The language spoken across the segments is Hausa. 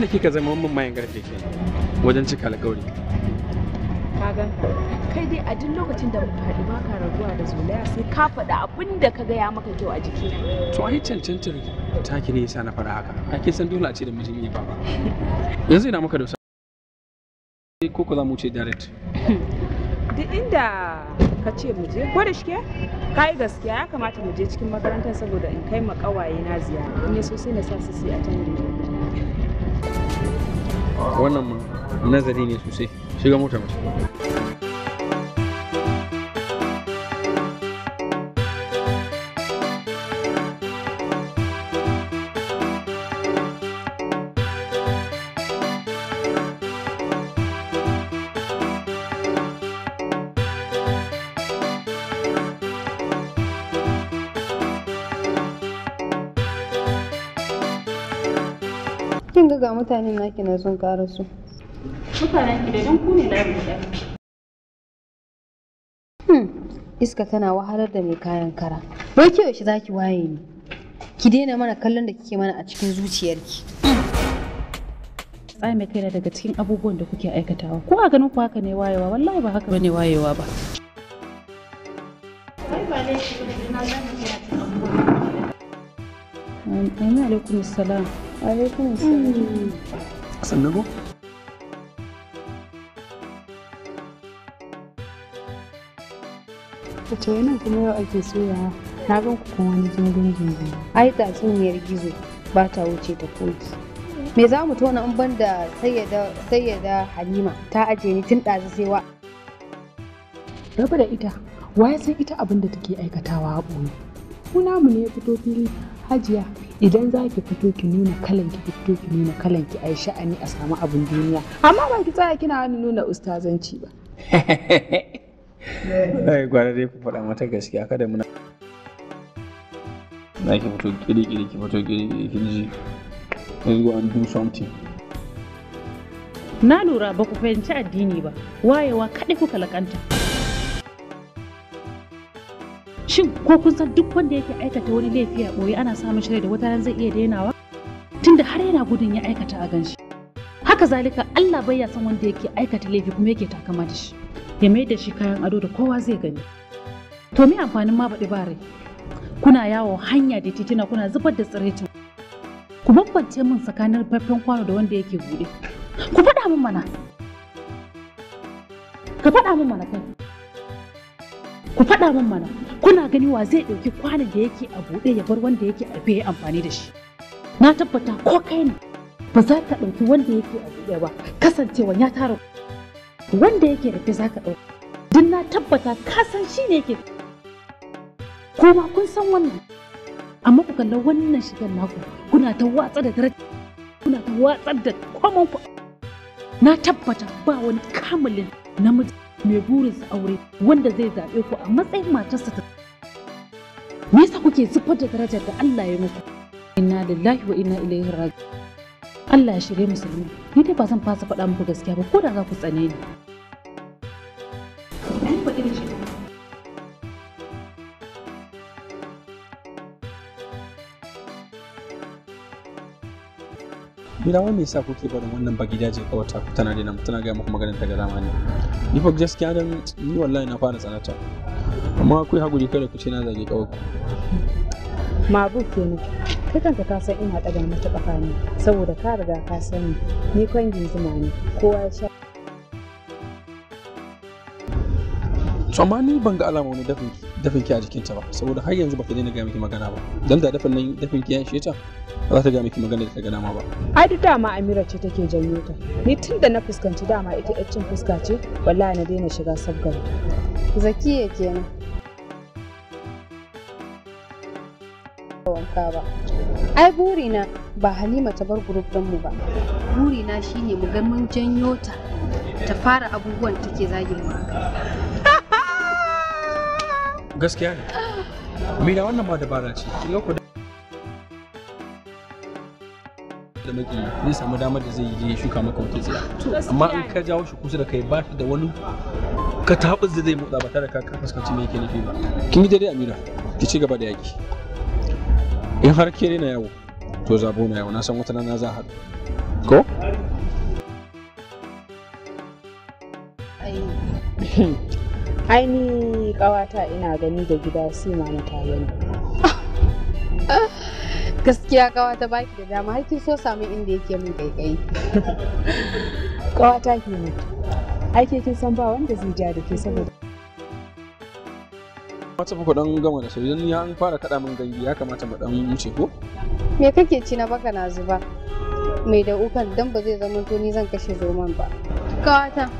ke kika zama mun mayan garfe ke wajen cika alƙawari ka ka. kai dai a duk lokacin da muka haɗu ba ka raguwa da zolaya sai ka faɗa abin da ka gaya maka kyau a jiki to ai cancantar taki ne yasa na fara haka a ke san dole a ce da mijin iya baba yanzu ina maka da wasu eh, ko ko za mu ce direct duk inda ka ce mu je ko da shike ka yi gaskiya ya kamata mu je cikin makarantar saboda in kai ma na ziyara in ya so sai na sa su sai a can wannan nazari ne sosai shiga mota mace ga ga mutanen naki na sun karasu. Mutanen ki da don ku ne labu hmm, iska tana wahalar da mai kayan kara. Wai ke yaushe za ki waye ni? Ki daina mana kallon da kike mana a cikin zuciyarki. mai kaina daga cikin abubuwan da kuke aikatawa. Ko a ganin ku haka ne wayewa, wallahi ba haka bane wayewa ba. Assalamu alaikum. alaikum salam sannu ko wace yana kuma yau ake soya na gan ku kuma wani jirgin-jirgin. ai tatsuniyar gizo ba ta wuce ta koki me za mu tona in ban da sayyada halima ta ajiye ni tun ɗazu sai wa raba da ita waye san ita abin da take aikatawa a ɓoye mu ne ya fito fili hajiya idan za ki fito ki nuna kalan ki fito ki nuna kalan ki ai sha'ani a samu abin duniya amma ba ki tsaya kina wani nuna ustazanci ba ai gwara dai ku faɗa mata gaskiya kada muna na ki fito kiri kiri ki fito kiri kiri ki ji let's go and do something na lura ba ku fahimci addini ba wayewa kaɗai kuka lakanta shin ko kun san duk wanda yake aikata wani laifi a ɓoye ana samun shirya da wata ran zai iya dainawa tunda har yana gudun ya aikata a ganshi haka zalika Allah bai ya san wanda yake aikata laifi kuma yake takama da shi ya mai da shi kayan ado da kowa zai gani to me amfanin ma baɗi ba rai kuna yawon hanya da titina kuna zubar da tsiraicin ku bambance min tsakanin faffen kwano da wanda yake buɗe ku faɗa min mana ka faɗa min mana kai ku faɗa min mana kuna gani wa zai ɗauki kwanan da yake a buɗe ya bar wanda yake a rufe amfani da shi na tabbata ko kai ne ba za ka ɗauki wanda yake a buɗe ba kasancewa ya tara wanda yake rufe za ka ɗauka duk na tabbata ka san shi ne yake ma kun san wannan amma ku kalla wannan shigar naku kuna ta watsa da daraja kuna ta watsar da komon ku na tabbata ba wani kamalin namiji mai burinsa aure wanda zai zaɓe ku a matsayin matarsa ta me yasa kuke zubar da darajar da Allah ya muku inna lillahi wa inna ilaihi raji Allah ya shirye musulmi ni dai ba zan fasa faɗa muku gaskiya ba ko da za ku tsane ni kabila wai me yasa kuke barin wannan ba gidaje kawata tana da nan tana ga muku magana ta garama ne ni fa gaskiya dan ni wallahi na fara tsanata amma akwai hakuri kada ku ce na zage kawai mabu kenan kai kanka ka san ina ɗaga mata kafa ne saboda ka riga ka sani ni kwangin zuma ne kowa ya sha amma ni ban ga alama wani dafin ki a jikinta ba saboda har yanzu baka daina gaya miki magana ba dan da dafin nan dafin ki ya ishe ta ba za ta gaya miki magana da ta ga dama ba ai duk dama amira ce take janyo ta ni tun da na fuskanci dama ita yaccin fuska ce wallahi na daina shiga sabgar zakiya kenan wanka ba ai burina ba halima ta bar group mu ba burina shine mu ga mun janyo ta ta fara abubuwan take zagin mu gaskiya ne me wannan ma dabara ce da maki zai samu damar da zai yi shuka maka wata tsira amma in ka jawo shi kusa da kai ba shi da wani ka tabis da zai motsa ba tare da ka fuskanci me yake nufi ba kin yi daidai amira ki ci gaba da yaki in har ke na yawo to zabo na yawo na san wata na za a haɗu ko ai ni kawata ina gani da gida sai ma mutane. gaskiya kawa ta baki da dama har kin so samu inda yake min kaikai kawa ta ke ne ake kin san ba wanda zai ja da ke saboda wata ku dan gama da sai idan ya an fara kada min gangi ya kamata mu dan wuce ko me kake ci na baka na zuba mai da ukan dan ba zai zama to ni zan kashe zoman ba kawata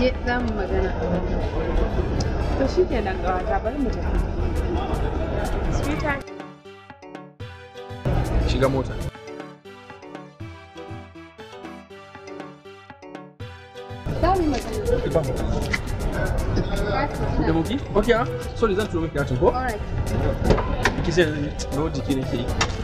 je za mu magana to shi shikenan kawata bari mu tafi shiga mota da muki? ok ha? Ah. sorry zan turo miki yacin ko? alright ki sai da lodi ki nake yi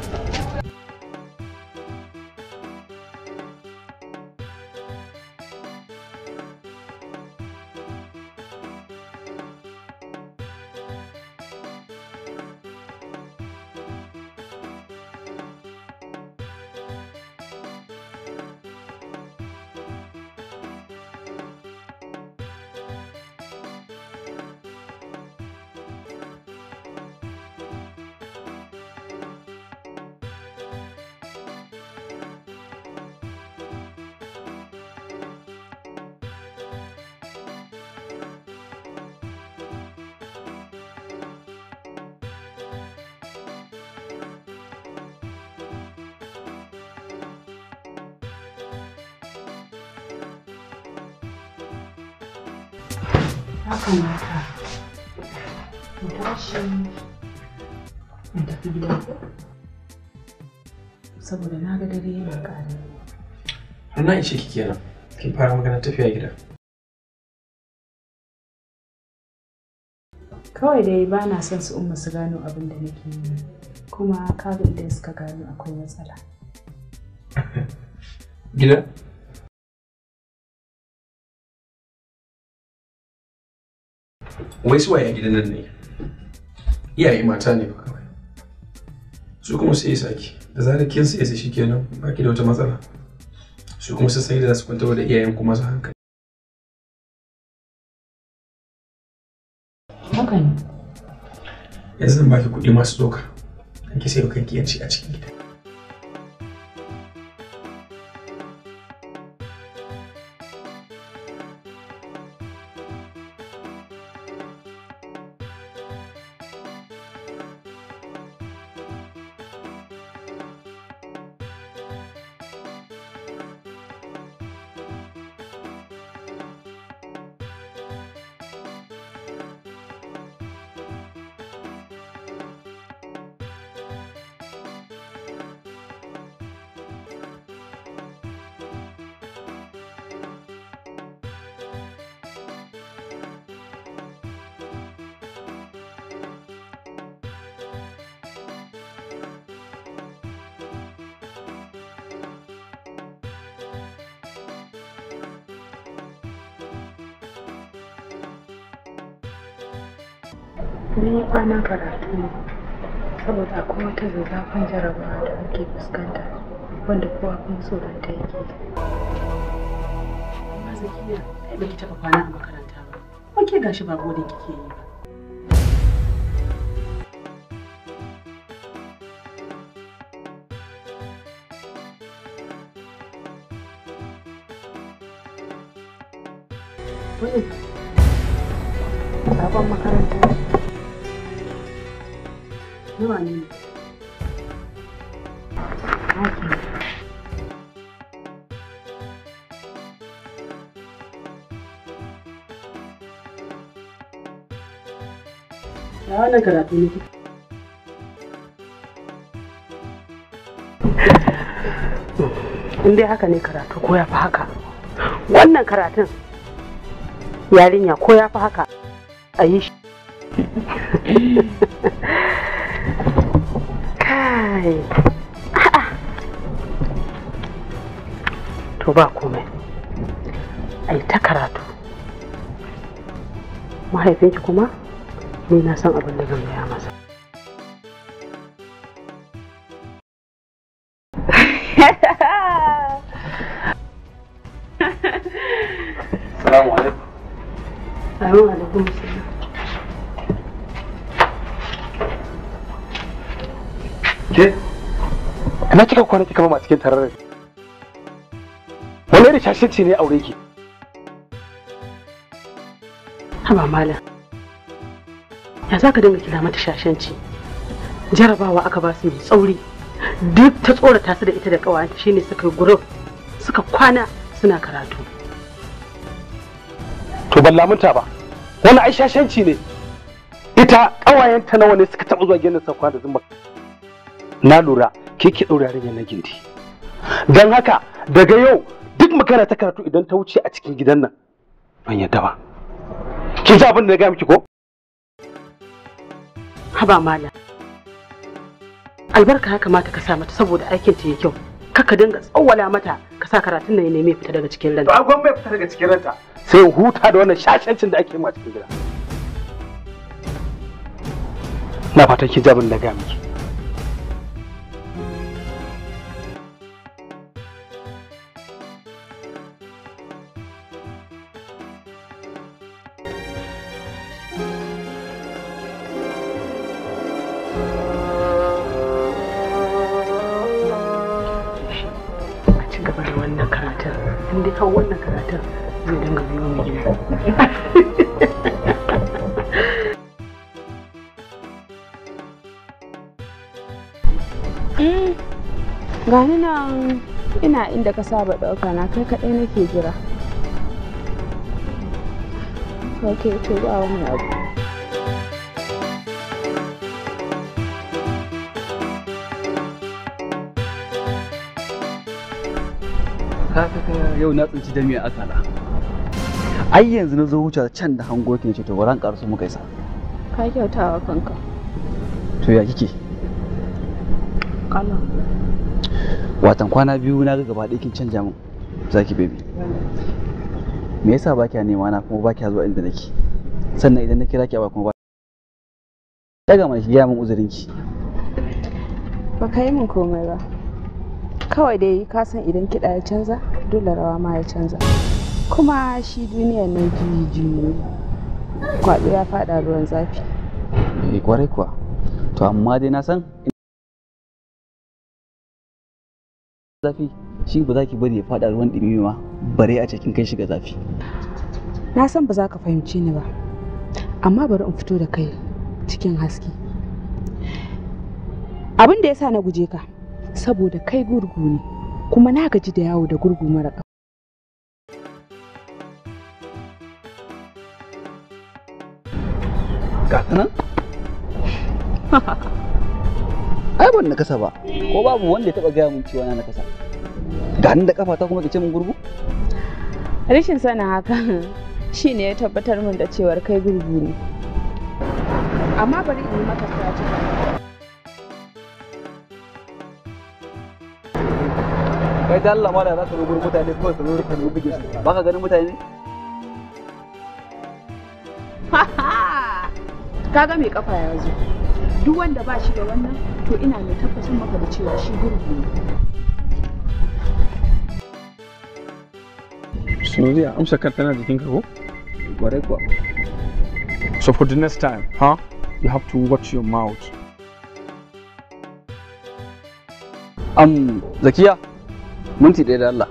ya kamata mu tashi mu tafi gida saboda na ga dare yana ƙare. Na ishe ki kenan, kin fara maganar tafiya gida. Kawai dai ba na son su umma su gano abin da nake yi, kuma kaga idan suka gano akwai matsala. Gida? wai su waye gidan nan ne iyaye mata ne ba kawai su kuma sai ya saki da zarar kin sai shi kenan ba ki da wata matsala su kuma su sai da su kwanta da iyayen kuma su hankali haka ne yanzu zan baki kuɗi masu doka kan ki sai kanki yanci a cikin gida Ni kwanan karatu ne saboda akwai wata zazzafin jarabawa da muke fuskanta wanda kowa kuma tsoron ta yake. Amma Zakiya, ai baki taɓa kwana a makaranta ba. Wake gashi ba godin kike yi ba. Sabon makaranta zuwa ne Ya wannan karatu nake. In dai haka ne karatu ko ya fi haka. Wannan karatun yarinya ko ya fi haka a yi shi. kai to ba komai ai ta karatu mahaifinki kuma ni na san abin da zan gaya masa Salamu alaikum. Salamu alaikum. na kika kwana kika mama cikin tararin wani da ce ne aure ki haba malam ya za ka dinga kila mata ce jarabawa aka ba su mai tsauri duk ta tsorata su da ita da kawayenta shine suka group suka kwana suna karatu to ban lamunta ba wani ai shashanci ne ita ƙawayenta nawa ne suka taɓa zuwa ginin sakwa da zumba na lura ke ke ɗaura yarinya na gindi don haka daga yau duk magana ta karatu idan ta wuce a cikin gidan nan ban yadda ba kin ji abin da na gaya miki ko haba mala albarka ya kamata ka sa mata saboda aikin ta ya kyau kaka dinga tsawwala mata ka sa karatun nan ya neme fita daga cikin ranta to agon bai fita daga cikin ranta sai huta da wannan shashancin da ake ma cikin gida na fatan ki ji abin da na gaya miki in dai kawo wannan karatun zai dinga biyo mu gida eh, gani nan ina inda ka saba ɗauka na kai kaɗai nake jira ok to ba wani abu yau na tsinci da mai akala ai yanzu na zo wuce can da hango ke ce to waran karsu muka isa ka kyautawa kanka to ya kike kana watan kwana biyu na ga gaba ɗaya kin canja min zaki baby me yasa ba kya nema na kuma ba kya zuwa inda nake sannan idan na kira ki ba kuma ba daga mai ki gaya min uzurin ki ba ka yi min komai ba kawai dai ka san idan kiɗa ya canza dole rawa ma ya canza kuma shi duniya na juyi kwaɗo ya faɗa ruwan zafi eh kwarai kuwa to amma dai na san zafi shi ba za ki bari ya faɗa ruwan ɗumi ma bare a cikin kai shiga zafi na san ba za ka fahimci ni ba amma bari in fito da kai cikin haske abin da ya sa na guje ka saboda kai gurgu ne kuma na gaji da yawo da gurgu mara ƙafa. Gatanan? Ai ban nakasa ba, ko babu wanda ya taɓa gaya mun cewa na nakasa. hannun da ƙafa ta kuma ta ce min gurgu? Rashin sana hakan shi ne ya tabbatar min da cewar kai gurgu ne. Amma bari in yi maka ta kai da Allah mala za ka rubu mutane ko ka rubu kan rubu su ba ka ganin mutane ka ga mai kafa ya zo duk wanda ba shi da wannan to ina mai tabbatar maka da cewa shi gurbi ne Sunuziya amsa tana na jikinka ko? Gwarai kuwa. So for the next time, huh? You have to watch your mouth. Um, Zakiya, minti ɗaya da Allah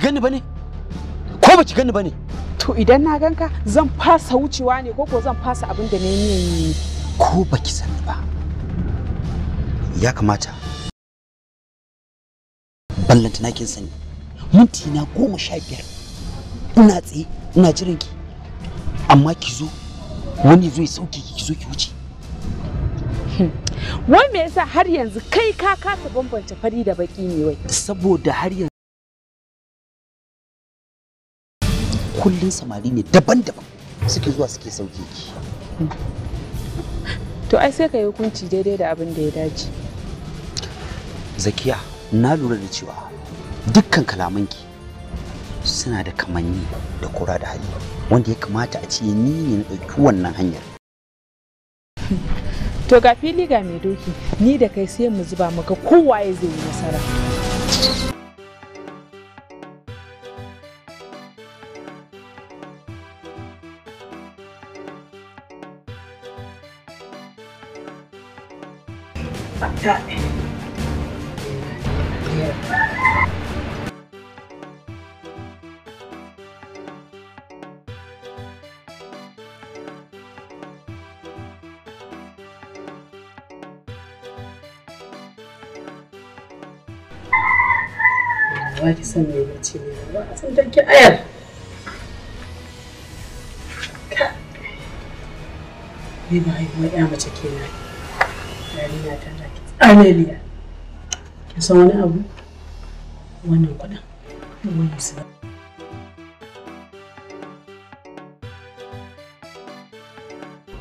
ki gani bane ko ba ki gani bane to idan na ganka zan fasa wucewa ne ko ko zan fasa abin da ne ni ko ba ki sani ba ya kamata ballanta na kin sani minti na goma sha biyar ina tsaye ina jiran ki amma ki zo wani zo ya sauke ki zo ki wuce hmm. wai me yasa har yanzu kai ka kasa bambance fari da baki ne wai saboda har yanzu kullum samari ne daban-daban suke zuwa suke sauke ki to ai sai ka yi hukunci daidai da abin da ya dace zakiya na lura da cewa dukkan kalamanki suna da kamanni da kura da hali wanda ya kamata a ce ni ne na ɗauki wannan hanyar to ga fili ga mai doki ni da kai sai mu zuba maka kowa ya zai yi nasara Wani san mai mace ne ba a san take ayar. Ni ba haihuwa ya mace kenan. Yarina tana finally ki san wani abu wannan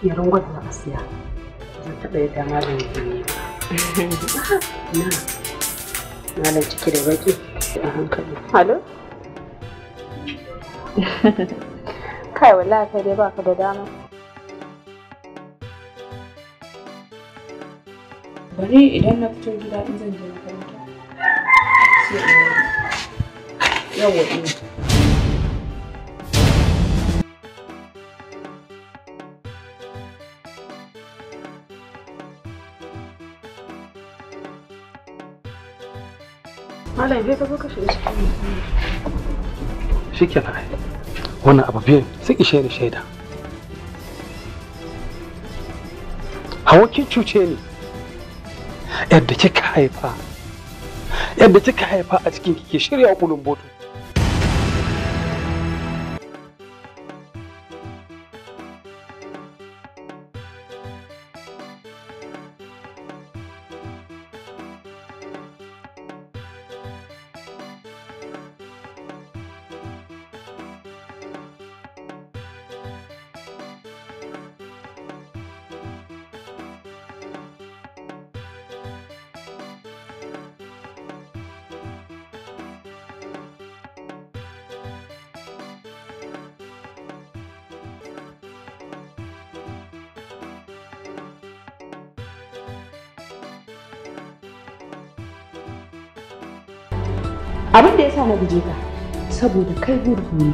yaron gwada na asiya taɓa yadda malam ke ba malam ciki da baki a hankali halo kai wallahi kai dai baka da dama bari idan na fito gida in zan je makaranta sai in yawa ina eh. Malam bai gaba ka shiga cikin Shikenan ai. Wannan abu biyan suke shaida shaida. Hawa kin cuce ni. yadda kika haifa yadda kika haifa a cikin kike shirya kulun boto abin da yasa na guje ka saboda kai gurgu ne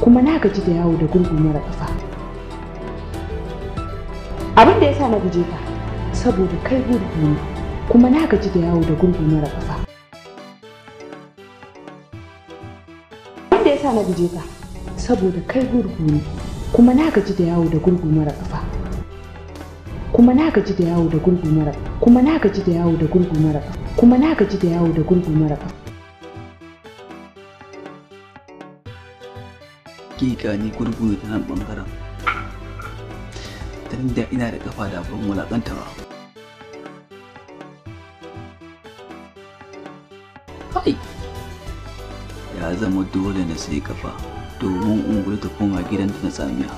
kuma na gaji da yawo da gurgu mara kafa abin da yasa na guje ka saboda kai gurgu ne kuma na gaji da yawo da gurgu mara kafa abin da yasa na guje ka saboda kai gurgu ne kuma na gaji da yawo da gurgu mara kafa kuma na gaji da yawo da gurgu mara kuma na gaji da yawo da gurgu mara kuma na gaji da yawo da gurgu mara kafa hakika ni gurgu da nan bangaren dan da ina da kafa da ban wulakanta ba kai ya zama dole na sai kafa domin ungulu ta koma gidan ta na tsamiya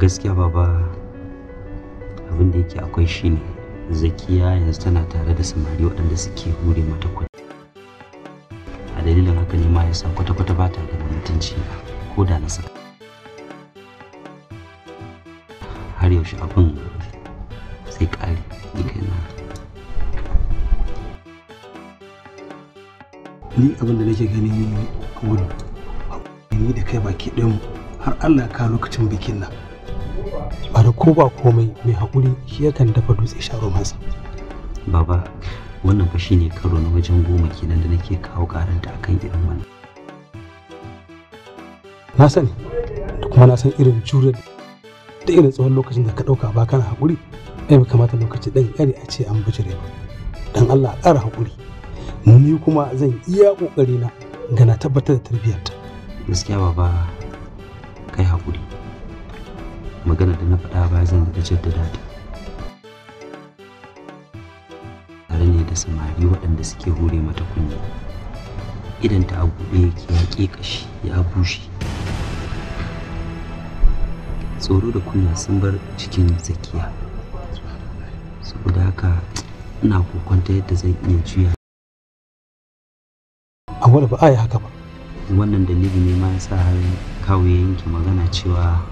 gaskiya baba abin da yake akwai shine zakiya yanzu tana tare da samari waɗanda suke hure mata kuɗi ya kwata-kwata ba ta ganin mutunci ko da na saka har yaushe abin sai kare ni na? ni abin da nake gani wani ni da kai baki ɗin har allah ka lokacin bikin nan ba da ko ba komai mai haƙuri shi yakan dafa dutse sharo masa baba wannan fa shine karo na wajen goma kenan da nake kawo karanta akan irin wannan na sani da kuma na san irin jure da irin tsawon lokacin da ka ɗauka ba kana haƙuri ai kamata lokaci ɗan ƙari a ce an bijire ba dan Allah ƙara haƙuri ni kuma zan iya ƙoƙari na gana tabbatar da tarbiyyarta gaskiya baba kai haƙuri magana da na faɗa ba zan da jaddada ta tare ne da samari waɗanda suke hure mata kunya idan ta a buɗe yake ya ƙe ƙashi ya bushe tsoro da kunya sun bar cikin tsakiya saboda haka ina kokonta yadda zan iya juya a da ba a yi haka ba wannan dalili ne ma sa har kawo ya yanke magana cewa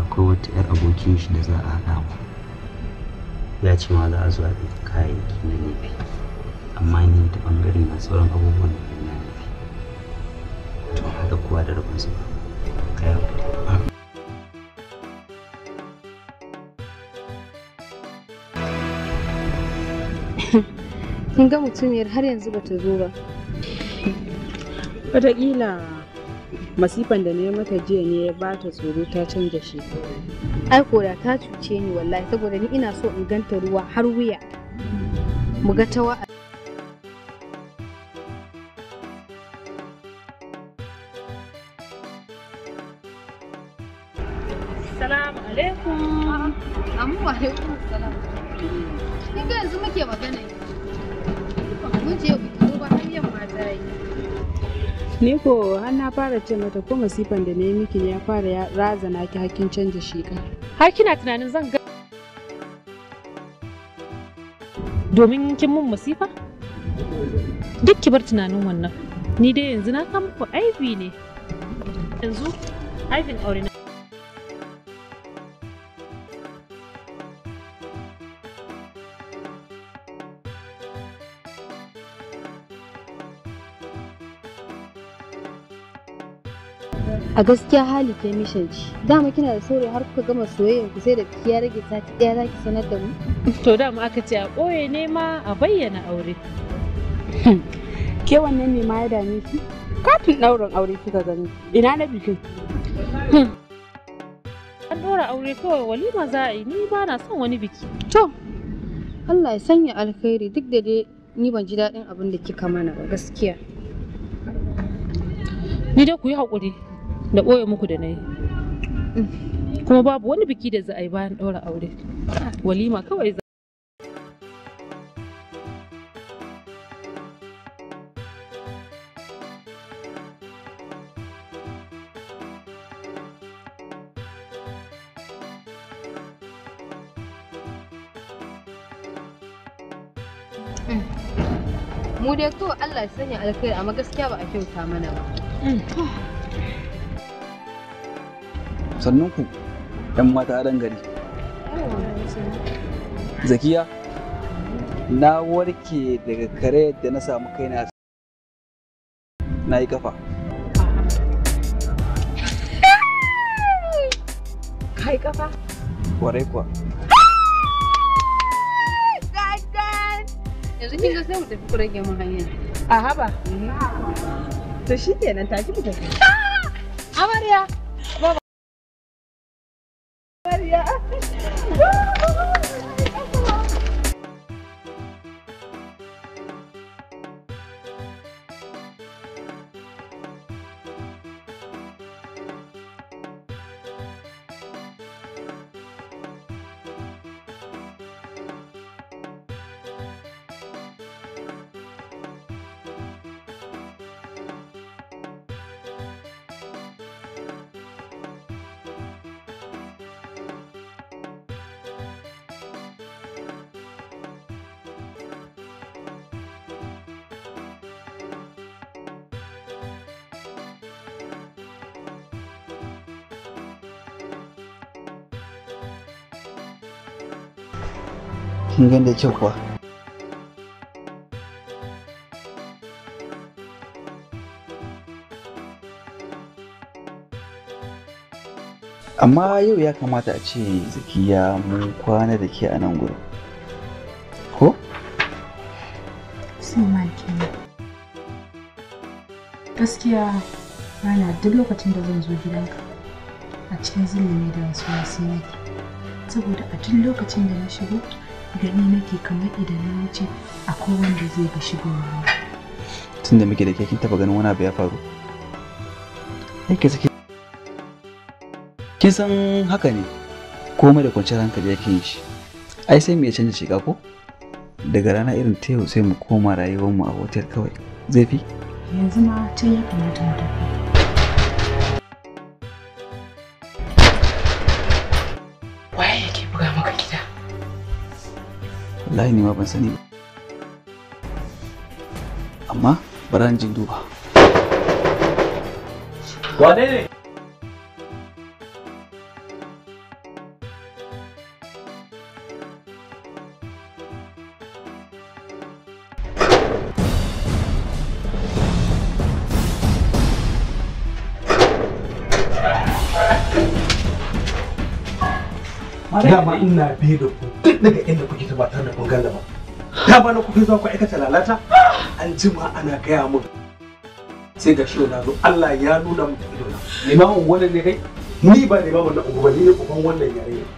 akwai wata 'yar abokin shi da za a haɗa mu ya ce ma za a zuwa da kayayyaki na nufi. amma ni ta ɓangare na sauran abubuwan da na lefi to da kuwa da rabinsu ba kayan kun ga mutumiyar har yanzu bata zo ba wataƙila masifan da na yi mata jiya ne ya ta tsoro ta canza shi ai koda ta cuce ni wallahi saboda ni ina so in ganta ruwa har wuya mu ga tawa Ni ko har na fara ce mata ko masifan da na yi miki ne ya fara razana ki hakkin canja shiƙa. Har kina tunanin zan ga domin kin mun masifa? Duk ki bar tunanin wannan. Ni dai yanzu na kama ku aibi ne. Yanzu aibin aure a gaskiya hali ke mishanci. dama kina da saurayi har kuka gama soyayyar ku sai da ya rage sati daya zaki sanar da mu to dama aka ce a koye ne ma a bayyana aure ke wannan ne ma ya dame ki katin ɗaurin aure kika gani ina na bikin an ɗora aure kawai walima za a yi ni ba na son wani biki to Allah ya sanya alkhairi duk da dai ni ban ji daɗin abin da kika mana ba gaskiya ni dai ku yi haƙuri da ɓoye muku da na yi kuma babu wani biki da za a yi bayan ɗaura aure walima kawai za mu dai kawai Allah ya sanya alkhairi amma gaskiya ba a kyauta mana ba mm. sannunku yan mata dan gari zakiya na warke daga kare da na samu kaina na yi kafa kai kafa kwarai kuwa yanzu kin ga sai mu tafi kuren gemu hanyar a haba mhm. to shi kenan ji mu tafi ah! amarya kin gan da kyau kuwa amma yau ya kamata a ce zakiya mun kwana da ke a nan gudu, ko? sai ma gaskiya rana duk lokacin da zan zo gidanka a cikin zulumi da wasu wasu nake saboda a duk lokacin da na shigo gani nake kamar idan na wuce akwai wanda zai ga shigo tun da muke da ke kin taba ganin wani abu ya faru yake saki kin san haka ne komai da kwanciyar hankali yake yin shi ai sai mu ya canza shiga ko daga rana irin ta yau sai mu koma rayuwar mu a hotel kawai zai fi yanzu ma tun ya kamata mu tafi wallahi ne ma ban sani ba amma bari an jin duba wane ne Dama ina bi da ku duk daga inda kuke ta ba da kun gallama ta bana kuke za ku aikata lalata an ma ana gaya mun sai ga shiwa na zo Allah ya nuna mu da limamin wannan ne kai ni ba limamin na unguwa ni ne uban wannan yare